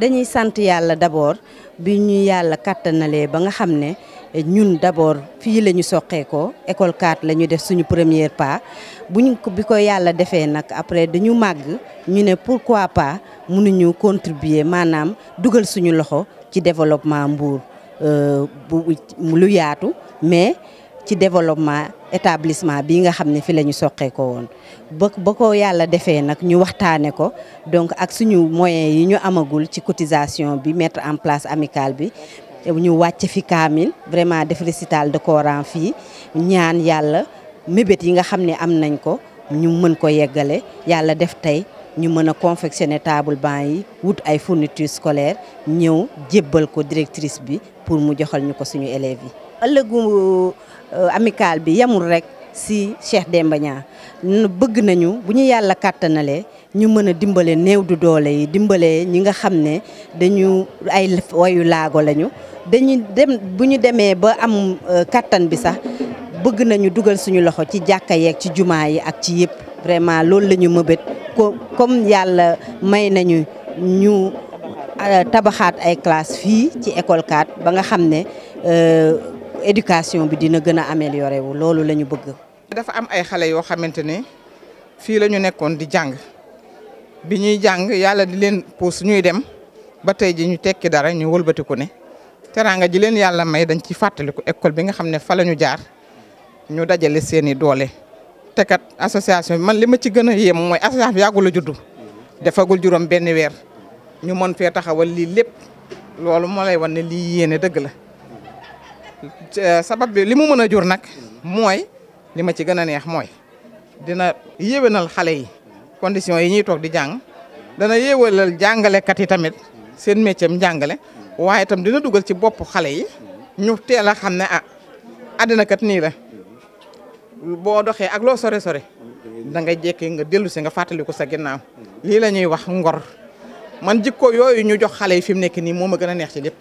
dañuy sant yàlla d'abord bi ñu yàlla kàttanalee ba nga xam ne ñun d'abord fii la ñu soqeekoo école 4 la ñu def suñu première pas bu ñu ko bi ko yàlla defee nag après dañu màgg ñu ne pourquoi pas mënuñu contribuer maanaam dugal suñu loxo ci développement Mbour euh, lu yaatu mais. ci développement établissement bii nga xam ne fi la ñu soqee ko woon ba ba ko yàlla defee nag ñu waxtaane ko donc ak suñu moyens yi ñu amagul ci cotisation bi mettre en place amicale bi ñu wàcc fi kaamil vraiment def récital de Coran fii ñaan yàlla mébét yi nga xam ne am nañ ko ñu mën ko yeggale yàlla def tey ñu mën a confectionner table banc yi wut ay fournitures scolaires ñëw jébbal ko directrice bi pour mu joxal ñu ko suñu élèves yi ëllëgu euh, amical bi yemul rek si Cheikh Demba bëgg nañu bu ñu yàlla kàttanale ñu mën a dimbale néew du doole yi dimbale ñi nga xam ne dañu ay wayu laago lañu dañu dem bu ñu demee ba am euh, kàttan bi sax bëgg nañu dugal suñu loxo ci jàkka yeeg ci jumaa yi ak ci yëpp vraiment loolu la ñu comme yàlla may nañu ñu euh, tabaxaat ay classe fii ci école 4 ba nga xam ne éducation bi dina gën a amélioré wu loolu la ñu bëgg. dafa am ay xale yoo xamante ne fii la ñu nekkoon di jàng bi ñuy jàng yàlla di leen pousse ñuy dem ba tey ji ñu tekki dara ñu wëlbatiku ne teraanga ji leen yàlla may dañ ci fàttaliku école bi nga xam ne fa la ñu jaar ñu dajale seeni doole. te kat association bi man li ma ci gën a yéem mooy association bi yàggul a juddu defagul juróom benn weer ñu mën fee taxawal lii lépp loolu moo lay wan ne lii yéene dëgg la. Euh, sabab bi li mu mën a jur nag mooy li ma ci gën a neex mooy dina yéwénal xale yi conditions yi ñuy toog di jàng dana yéwénal jàngalekat yi tamit seen métier am jàngale waaye itam dina dugal ci bopp xale yi ñu teel a xam ne ah àddina kat nii la boo doxee ak loo sore sore da ngay nga dellu si nga fàttali ko sa ginnaaw lii la ñuy wax ngor man jikko yooyu ñu jox xale yi fi mu nekk nii moom a gën a neex ci lépp.